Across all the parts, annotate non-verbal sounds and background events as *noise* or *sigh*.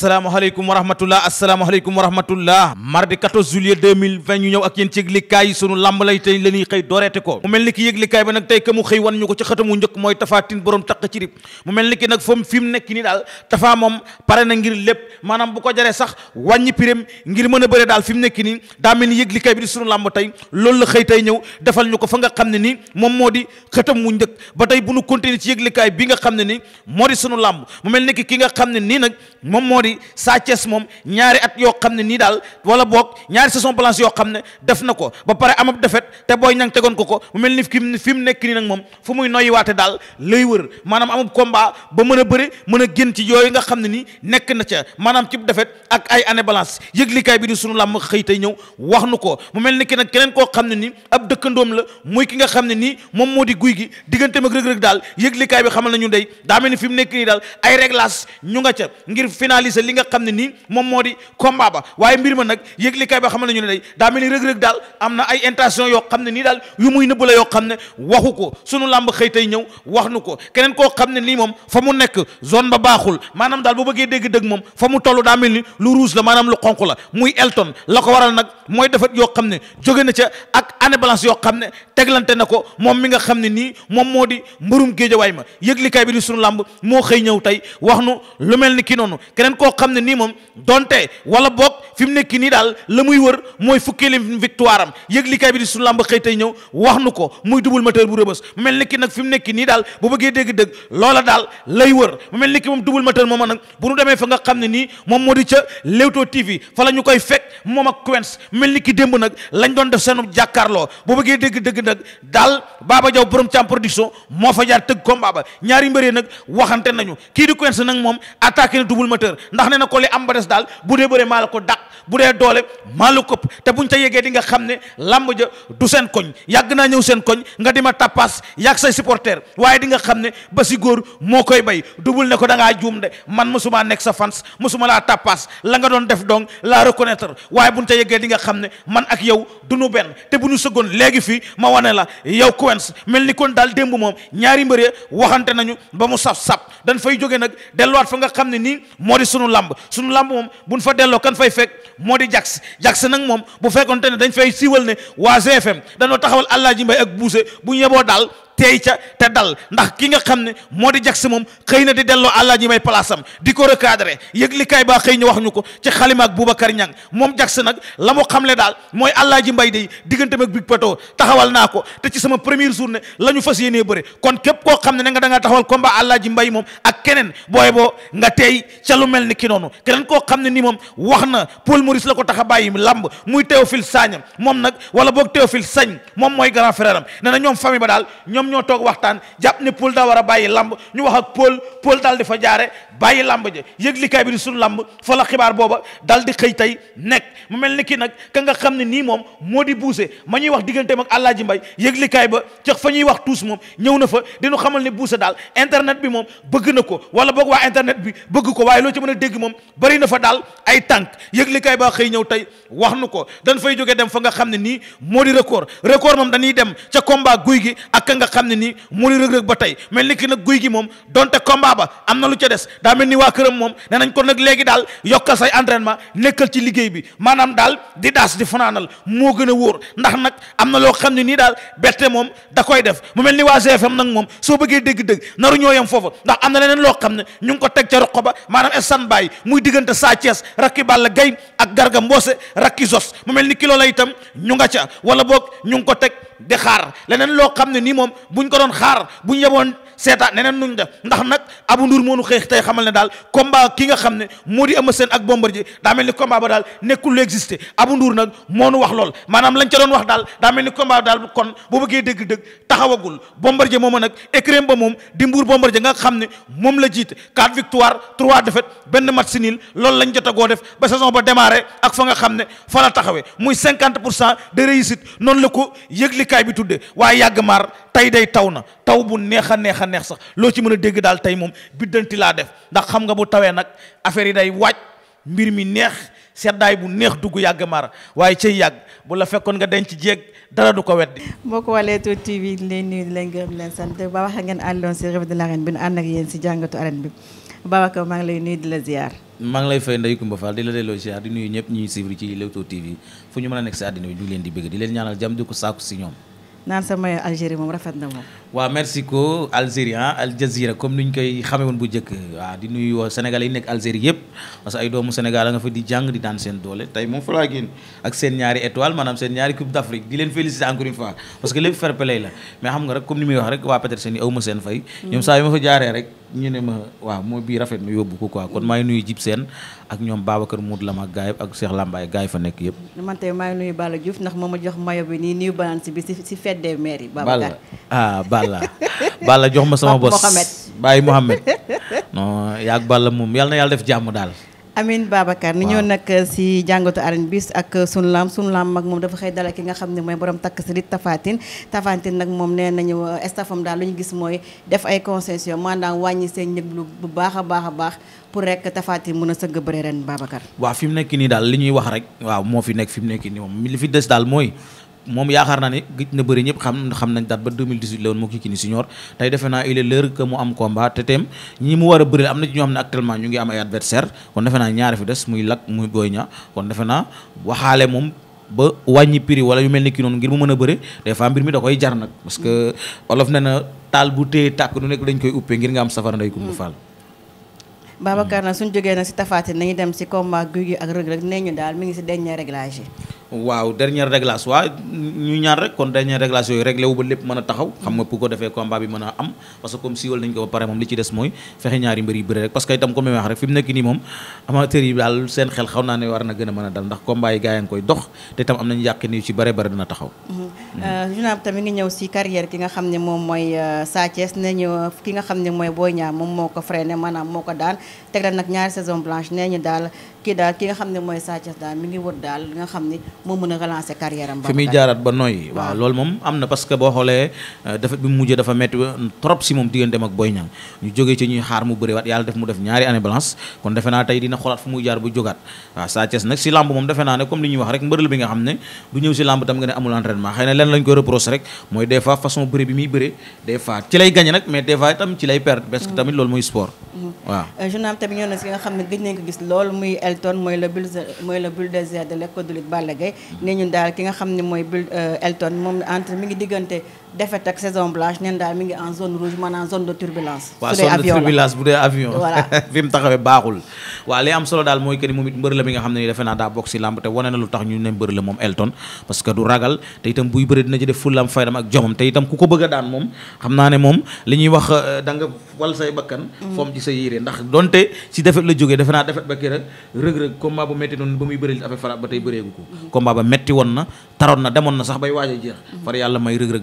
asalaamaaleykum wa rahmatullah asalaamaaleykum wa rahmatullah mardi 14 juillet 2020 ñu ñëw ak yéen ci yëglikaay yi sunu làmb lay la ñuy xëy dooreete ko mu mel ni ki yëglikaay ba nag tey ka mu xëy wan ñu ko ci xëtamu njëkk mooy Tapha Tine ni daal Tapha moom pare na maanaam bu ko jaree sax wàññi pirém ngir mën a bëre daal fi mu nekk nii daa mel ni yëglikaay bi di sunu làmb tey loolu la xëy tey ñëw defal ñu ko fa nga xam ne nii moom moo di xëtam mu njëkk ba tey bu nu continuer ci yëglikaay bi nga xam ne nii moo di sunu làmb mu mel ni ki ki nga xam ne nii nag moom moo di di Sa Thiès moom ñaari at yoo xam ne nii daal wala boog ñaari saison blanche yoo xam ne def na ko ba pare amab defet te booy ñang tegoon ko ko mu mel ni fi mu nekk nii nag moom fu muy noyyi waate daal lay wër maanaam amab combat ba mën a bëre mën a génn ci yooyu nga xam ne nii nekk na ca maanaam ci defet ak ay année balance yëglikaay bi di sunu làmb xëy tey ñëw wax nu ko mu mel ni ki nag keneen koo xam ne nii ab dëkkandoom la muy ki nga xam ne nii moom moo di guy gi diggante ak rëg-rëg daal yëglikaay bi xamal nañu day daa mel ni fi mu nekk nii daal ay réglage ñu nga ca ngir finaliser organiser li nga xam ne nii moom moo di combat ba waaye mbir ma nag yëglikaay ba xam nañu ne day daa mel ni rëg-rëg daal am na ay intention yoo xam ne nii daal yu muy nëbb la yoo xam ne waxu ko sunu làmb xëy tey ñëw wax nu ko keneen koo xam ne nii moom fa mu nekk zone ba baaxul maanaam daal bu bëggee dégg dëgg moom fa mu toll daa ni lu rouge la maanaam lu xonq la muy Elton la ko waral nag mooy defat yoo xam ne jóge na ca ak année balance yoo xam ne teglante na ko moom mi nga xam ne nii moom moo di mbërum géejawaay ma yëglikaay bi di sunu làmb moo xëy ñëw tey wax nu lu mel ni kii noonu keneen koo koo xam ne nii moom donte wala boog fi mu nekk nii daal la muy wër mooy fukkee lim victoire am yëg likaay bi di suñu làmb xëy tey ñëw wax nu ko muy double moteur bu rëbës mel ni ki nag fi mu nekk nii daal bu bëggee dégg-dëgg loola daal lay wër mu mel ni ki moom double moteur mooma nag bu nu demee fa nga xam ne nii moom moo di ca Leewtoo TV fa la ñu koy fekk moom ak Quench mel ni ki démb nag lañ doon def seenu jàkkaarloo bu bëggee dégg-dëgg nag daal Baba Jaw borom càm production moo fa jaar tëgg combat ba ñaari mbëree nag waxante nañu kii di Quench nag moom attaqué na double moteur ndax ne na ko li am ba des daal bu dee bëree maa la ko dàq bu dee doole maa la këpp te buñ ca yegee di nga xam ne làmb ja du seen koñ yàgg naa ñëw seen koñ nga di ma tappaas yàgg say supporter waaye di xam ne ba si góor moo koy bay dubul ne ko da ngaa juum de man mosumaa nekk sa fans mosuma laa tappaas la nga doon def dong laa reconnaître waaye buñ ca yegee di nga xam ne man ak yow du nu benn te bu ñu sëggoon léegi fi ma wane la yow Quench mel ni kon daal démb moom ñaari ba mu saf-sap dañ fay jóge nag làmb suñu làmb moom buñ fa delloo kan fay fekk moo di jax jax nag moom bu fekkoonte ne dañ fay siiwal ne waa GFM dañoo taxawal Alaaji Mbay ak buuse bu yeboo daal teey ca te dal ndax ki nga xam ne moo di jag si moom xëy na di delloo àllaa ji may place di ko recadré yëglikaay baa xëy ñu wax ñu ko ci xalima ak Boubacar Niang moom jag si nag la mu xamle daal mooy àllaa ji mbay day digganteem ak Big Pato taxawal naa ko te ci sama première journée la ñu fas yéenee bëre kon képp koo xam ne ne nga da ngaa taxawal combat àllaa ji mbay moom ak keneen booy boo nga teey ca lu mel ni ki noonu keneen koo xam ne ni moom wax na Paul Maurice la ko tax a bàyyi lamb muy Théophile Sagnam moom nag wala boog Théophile Sagne moom mooy grand frère am nee na ñoom famille ba daal ñoom ñoo toog waxtaan jàpp ne Paul daa war a bàyyi lamb ñu wax ak Paul Paul daal di fa jaare bàyyi làmb ja yëglikaay bi di sunu làmb fa la xibaar booba dal di xëy tey nekk mu mel ni kii nag ka nga xam ne nii moom moo di buuse ma ñuy wax diggante mag àllaaji mbay yëglikaay ba ca fa ñuy wax tuus moom ñëw na fa dinu xamal ne buuse daal internet bi moom bëgg na ko wala boog waa internet bi bëgg ko waaye loo ci mën a dégg moom bëri na fa daal ay tànk yëglikaay xëy ñëw tey wax nu ko dañ fay jógee dem fa nga xam ne nii moo di record record moom dañuy dem ca combat guy gi ak ka nga xam ne nii moo di rëg-rëg ba tey mel ni ki nag guy gi moom donte combat ba am na lu ca des daa mel ni waa këram moom ne nañ ko nag léegi daal yokkal say entraînement nekkal ci liggéey bi maanaam daal di daas di fanaanal moo gën a wóor ndax nag am na loo xam ne nii daal bette moom da koy def mu mel ni waa GFM nag moom soo bëggee dégg dëgg naru ñoo yem foofu ndax am na leneen loo xam ne ñu ngi ko teg ca roqo ba maanaam stan bàyyi muy diggante Sa Thiès rakki Balla Gaye ak Garga Mbossé rakki Zos mu mel ni kilo la itam ñu nga ca wala boog ñu ngi ko teg di xaar leneen loo xam ne nii moom buñ ko doon xaar buñ yeboon seetaan neneen nuñ def ndax nag abu nduur moonu xëy tey xamal ne daal combat ki nga xam ne moo di Eumeu seen ak Bombardier daa mel ni combat ba daal nekkul lu existé abu nduur nag moonu wax lool maanaam lañ ca doon wax daal daa mel ni combat daal kon bu bëggee dëgg-dëgg taxawagul Bombardier mooma nag écrém ba moom di mbuur Bombardier nga xam ne moom la jiite quatre victoire trois défaites benn match nul loolu lañ jotagoo def ba saison ba démarré ak fa nga xam ne fa la taxawee muy cinquante pour cent de noonu la ko yëglikaay bi tudde waaye yàgg tey day taw na neex neex neex sax loo ci mën a dégg daal tey moom biddanti laa def ndax xam nga bu tawee nag affaire yi day waaj mbir mi neex seddaay bu neex dugg yàgg mara waaye cay yàgg bu la fekkoon nga denc jéeg dara du ko weddi. mbokk waa Leewtoo TV leen nuyu di leen gërëm leen sant ba waxe ngeen àndoon di la ziar. maa lay fay Ndeye Koumba Fall di la delloo ziar di nuyu ñëpp ñuy suivre ci Leewtoo TV fu ñu mën a nekk si àddina bi ñu leen di bëgg di leen ñaanal jàmm di ko saaku si ñoom. naan sa maillot moom rafet na moom. waaw merci ko Algérie ah, comme ni ñu koy xamee woon bu njëkk waaw di nuyu Sénégalais yi nekk Algérie yëpp parce que ay doomu Sénégal a nga fa di jàng di daan seen doole tey moom fa laa génn ak seen ñaari étoile maanaam seen ñaari coupe d'Afrique di leen féliciter encore fois parce que lépp fair la mais xam nga rek comme ni muy wax rek waa Petersen yi aw seen fay. Mm. ñoom saa yu ma fa jaaree rek. ñu ne ma waaw moo bii rafet na yóbbu ko quoi kon maa nuyu Jib Sène ak ñoom Babacar Mour Lam ak gaay ak Cheikh Lambaye gaay fa nekk yëpp. man tey maa ngi nuyu Balla Diouf ndax moo ma jox mayo bi nii nuyu banaan si bi si si fête des mères yi. Babacar ah jox ma sama bos. Mohamed Baye Mohamed non yaag Balla moom yal na yàlla def jàmm daal. Amin Babacar ni ñëw nag euh, si jàngatu arène bis ak euh, sunu laam sunu laam mag moom dafa xëy dala ki nga xam ne mooy borom takk si lit Tafatine Tafatine nag moom nee nañu estafam euh, daal li ñu gis mooy def ay concession maanaam wàññi seen ñëg lu bu baax a baax a baax pour rek Tafatine mun a sëgg bëre ren Babacar waa fi mu nekk nii daal li ñuy wax rek waaw moo fi nekk fi mu nekk nii moom li fi des daal mooy moom yaakaar naa ne gëj na bëri ñëpp xam xam na daat ba 2018 la woon moo kii kii ni senior tey defe naa il est l'heure que mu am combat te teem ñi mu war a bëri am na ci ñoo xam ne actuellement ñu ngi am ay adversaire kon defe naa ñaari fi des muy Lac muy Boy Niang kon defe naa waxaale moom ba wàññi prix wala yu mel ni kii noonu ngir mu mën a bëre des fois mbir mi da koy jar nag parce que olof ne na taal bu téye tàkk du nekk dañ koy uppee ngir nga am safara nday kum du faal Babacar na suñ jógee nag si tafaati nañu dem si combat Gouye Gui ak mi ngi si dernier réglage yi waaw dernier réglage waaw ñu ñaar rek kon dernier réglage yooyu réglé wu ba lépp mën a taxaw xam nga pour ko defee combat bi mën a am parce comme siiwal nañ ko pare moom li ci des mooy fexe ñaari mbër yi bëri rek parce itam comme li rek fi nekk nii moom amateur yi daal seen xel xaw naa ne war na gën a mën a dal ndax combat gaa yaa ngi koy dox te itam am nañu yàq ni ci bare bare dina taxaw mm-hmm. euh, junaab tamit nga ñëw si carrière ki nga xam ne moom euh, kii daal ki nga xam ne mooy Sa daal mi ngi wër daal li nga xam ne moo mën a relancer carrière am. fi muy jaaraat ba nooy waaw loolu moom am na parce que boo euh, dafa bi mu mujjee dafa metti trop si moom digganteem ak Boy Niang ñu jógee ci ñuy xaar mu bëriwaat yàlla def mu def ñaari année balance kon defe naa tey dina xoolaat fu muy jaar bu jógaat waaw Sa nag si lamb moom defe naa ne comme li ñuy wax rek mbërël bi nga xam ne du ñëw si lamb mm. tamit Elton mooy le bull mooy le bulldozer de l'école de lutte Balla Gaye mm-hmm. ne ñun daal ki nga xam ne mooy bull euh, Elton moom entre mi ngi diggante défaite ak saison blanche neen daal mi ngi en zone rouge maanaam zone de turbulence. su dee avion waaw dee avion. voilà *laughs* taxawee baaxul. waaw li am solo daal mooy que ni moom it mbër mi nga xam ne ni defe naa daa bokk si làmb te wane na lu tax ñu ne mbër la moom Elton parce que du ragal te itam buy bëri dina ci def fulam faydam ak jomam te itam ku ko bëgg a daan moom xam naa ne moom li ñuy wax euh, da nga wal say bakkan. Mm. foom ci sa yére ndax donte si défaite la jógee defe naa défaite ba kii rek rëg-rëg ba muy bëri affaire fara ba tey bëreegu ko mm. combat ba métti woon na taroon na demoon na sax bay waaj a jeex mm. far yàlla may rëg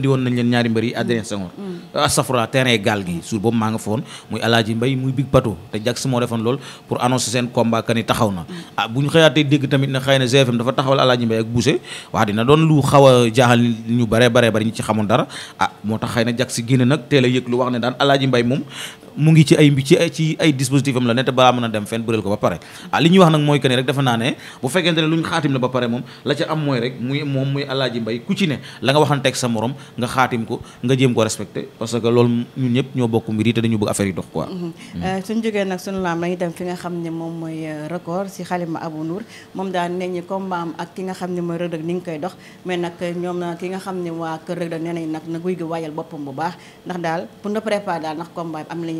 andi woon nañ leen ñaari mbër yi Adrien Senghor mm. euh, safra terrain gaal gi suur boobu maa nga foon muy alaaji mbay muy big bateau te Jax moo defoon lool pour annoncer seen combat que ni taxaw na mm. ah bu ñu xëyaatee dégg tamit ne xëy na GFM dafa taxawal alaaji mbay ak Bousse waa dina doon lu xaw a jaaxal ñu bare bare bari ñu ci xamoon dara ah moo tax xëy na Jax si génn nag teel a yëg lu wax ne daan alaaji mbay moom mu ngi ci ay ci ci ay dispositif am la ne te balaa mën a dem fenn bëreel ko ba pare ah li ñuy wax nag mooy que rek defe naa ne bu fekkente lu ñu xaatim la ba pare moom la ca am mooy rek mm-hmm. mm. euh, xam ne moom mooy euh, record daal ni nga koy dox mais nag ñoom na ki nga xam ne waa kër Reug Reug nee nañ nag na guy gi waajal boppam bu baax ndax daal pour na préparer daal ndax combat am lañ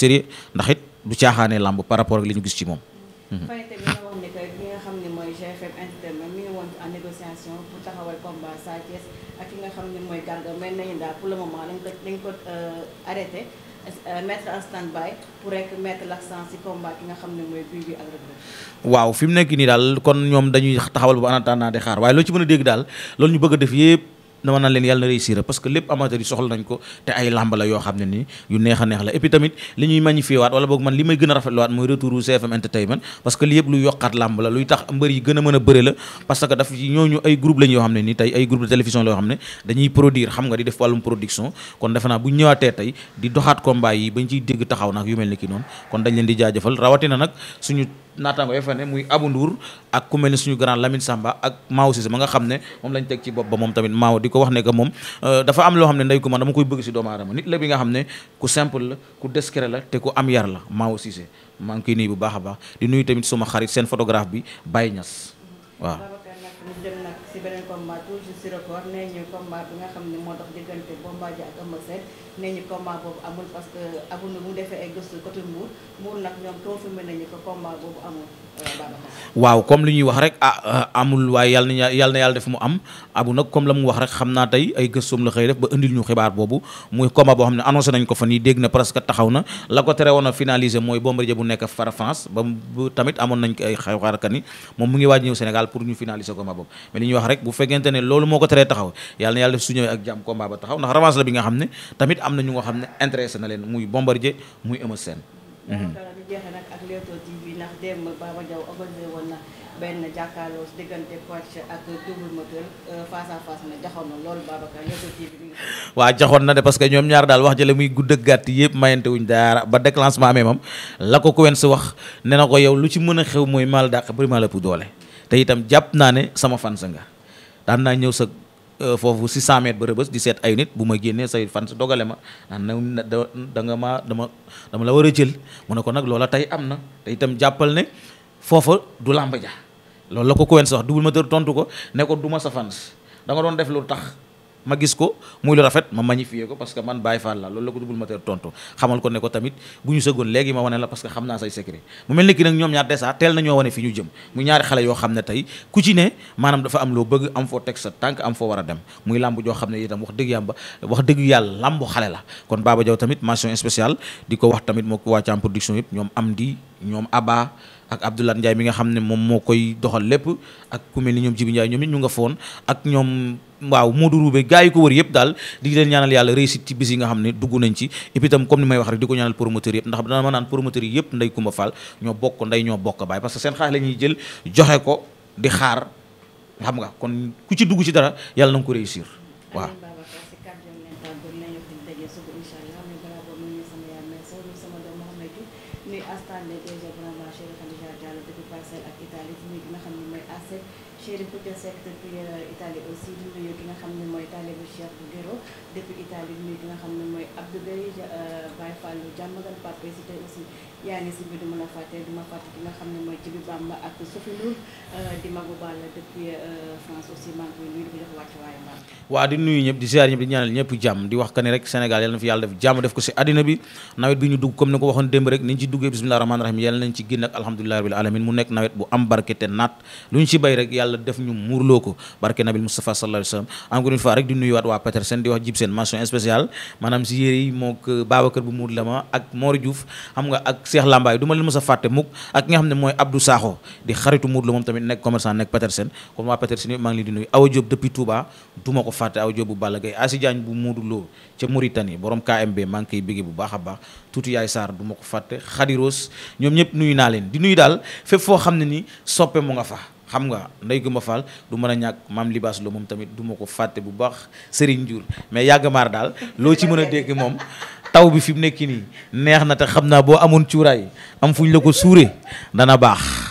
sérieux ndax du caaxaanee làmb par rapport ak li ñu gis ci moom. Mm-hmm. fan itam nga wax ni que mooy GFM entertainment mi ngi pour taxawal combat Sa ne mooy Garga nañu daal pour le moment dañ euh, euh, ci combat ki nga xam ne mooy Gouye Gui waaw fi nekk nii daal kon ñoom dañuy taxawal bu en attendant di xaar waaye loo ci mën a dégg daal loolu ñu bëgg a def yëpp. dama naan leen yàlla na réussir parce que lépp amateur yi soxla nañ ko te ay làmb la yoo xam ne ni yu neex neex la et puis li ñuy magnifier waat wala boog man li may gën a rafetlu waat mooy retouru CFM entertainment parce que li yëpp lu yokkaat làmb la luy tax mbër yi gën a mën a bëre la parce que daf ñooñu ay groupe lañ yoo xam ne ni tey ay groupe de télévision la xam ne dañuy produire xam nga di def wàllum production kon defe naa bu ñëwaatee naataango ya fa muy Abou Ndour ak ku mel ni suñu grand Lamine Samba ak Mao Cissé ma nga xam ne moom lañ teg ci bopp ba moom tamit Mao di ko wax ne que moom euh, dafa am loo xam ne ndey ko man dama koy bëgg si doomu aadama nit la bi nga xam ne ku simple la ku discret la te ku am yar la Mao Cissé maa ngi koy nuyu bu baax a baax di nuyu tamit suma xarit seen photographe bi Baye Niass waaw. ñu nee ñu combat boobu amul euh, waaw comme li ñuy wax rek ah euh, amul waaye yàlla na yàlla na yàlla def mu am abu nag comme la mu wax rek xam naa tey ay gëstoom la xëy def ba indil ñu xibaar boobu muy combat boo xam ne annoncé nañ ko fa nii dégg na presque taxaw na la ko tere woon a finaliser mooy Bombardier bu nekk fara France ba tamit amoon nañ ko ay xew-xew moom mu ngi waaj ñëw Sénégal pour ñu finaliser combat boobu mais li ñuy wax rek bu fekkente ne loolu moo ko teree taxaw yàlla na yàlla def su ñëwee ak jàmm am na ñu nga xam ne intéressé na leen muy Bombardier muy Eumeu Sène. dara na benn euh, jaxoon na de parce que ñoom ñaar daal wax jële muy gudd ak gàtt yëpp mayante wuñ ba déclenchement amee moom la ko Kouwén si wax ne na ko yow lu ci mën a xew mooy mal dàq bari ma ëpp doole te itam jàpp naa ne sama fan nga daan naa ñëw sa. Euh, foofu 600 mètres ba rëbës di seet ay nit bu ma génnee say fans si dogale ma naan na da nga maa dama dama la war a jël mu ne ko nag loola tey am na te itam jàppal ne foofa du làmb ja loolu la ko Coen wax ma moteur tontu ko ne ko du ma sa fan da nga doon def lu tax. ma gis ko muy lu rafet ma magnifié ko parce que man Baye Fall la loolu la ko Double Moteur tontu xamal ko ne ko tamit bu ñu sëggoon léegi ma wane la parce que xam naa say secret mu mel ni ki nag ñoom ñaar dèjà teel na ñoo wane fi ñu jëm mu ñaari xale yoo xam ne tey ku ci ne maanaam dafa am loo bëgg am foo teg sa tànk am foo war a dem muy làmb joo xam ne itam wax dëgg yàmba wax dëgg yàlla làmb xale la kon Baba Diaw tamit mention spéciale di ko wax tamit moo ko waa Thiam yëpp ñoom am di ñoom Abba ak Abdoulaye Ndiaye mi nga xam ne moom moo koy doxal lépp ak ku mel ni ñoom Jibi Ndiaye ñoom it ñu nga foon ak ñoom waaw Modou Roubé gars yi ko wër yëpp daal di leen ñaanal yàlla réussite ci bis yi nga xam ne dugg nañ ci et puis itam comme ni may wax rek di ko ñaanal promoteur yëpp ndax dana ma naan promoteur yi yëpp nday Kumba Fall ñoo bokk nday ñoo bokk baay parce que seen xaalis la jël joxe ko di xaar xam nga kon ku ci dugg ci dara yàlla na nga ko réussir waaw nuy di nuyu nga xam ne mooy Assec Cheikh Koutia di nuyu ki nga xam ne mooy taalibu Cheikh bu Guéro depuis Italie di nuyu ki nga xam ne mooy Abdou Bey euh, Baye Fallou jàmmagan Pape si tey aussi yaa ngi si biir du ma la fàtte du fàtte ki nga xam ne mooy Jibi Bamba ak Sophie Loul euh, di Magu Ball depuis France aussi maa ngi koy nuyu di ko jox wàccuwaayam waaw di nuyu ñëpp di ziar ñëpp di ñaanal ñëpp jàmm di wax que ni rek Sénégal yàlla na fi yàlla def jàmm def ko si àddina bi nawet bi ñu dugg comme duggee bisimilah rahim yàlla nañ ci génn ak alhamdulilah rabbil alamin mu nekk nawet bu am barke te naat lu ñu ci bay rek yàlla def ñu muurloo ko barke nabil Moustapha sallallahu alayhi wa sallam encore une fois rek di nuyuwaat waa Petersen di wax jib seen mention spéciale maanaam si yére yi mook euh, Babacar bu muur la ma ak Mori Diouf xam nga ak Cheikh Lambaay du leen mës a fàtte mukk ak ki nga xam ne mooy Abdou Sakho di xaritu muur la moom tamit nekk commerçant a baax tuuti yaay Sarr du ma ko fàtte xadiroos ñoom ñëpp nuyu naa leen di nuyu daal fépp foo xam ne nii soppee mu nga fa xam nga ndey ma faal du mën a ñàkk maam libaas lo moom tamit duma ko fàtte bu baax Serigne Diour mais yàgg maar daal loo ci mën a dégg moom taw bi fi mu nekk nii neex na te xam naa boo amoon cuuraay am fu ñu la ko suuree dana baax